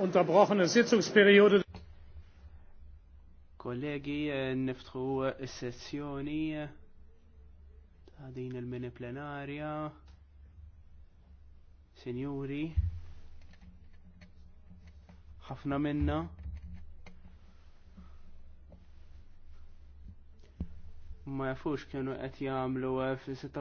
unterbrochene Sitzungsperiode. Kollegi, eh, niftħu s-sessjoni eh, eh, ta' din il-mini plenarja. Senjuri, ħafna minna. Ma jafux kienu qed jagħmlu f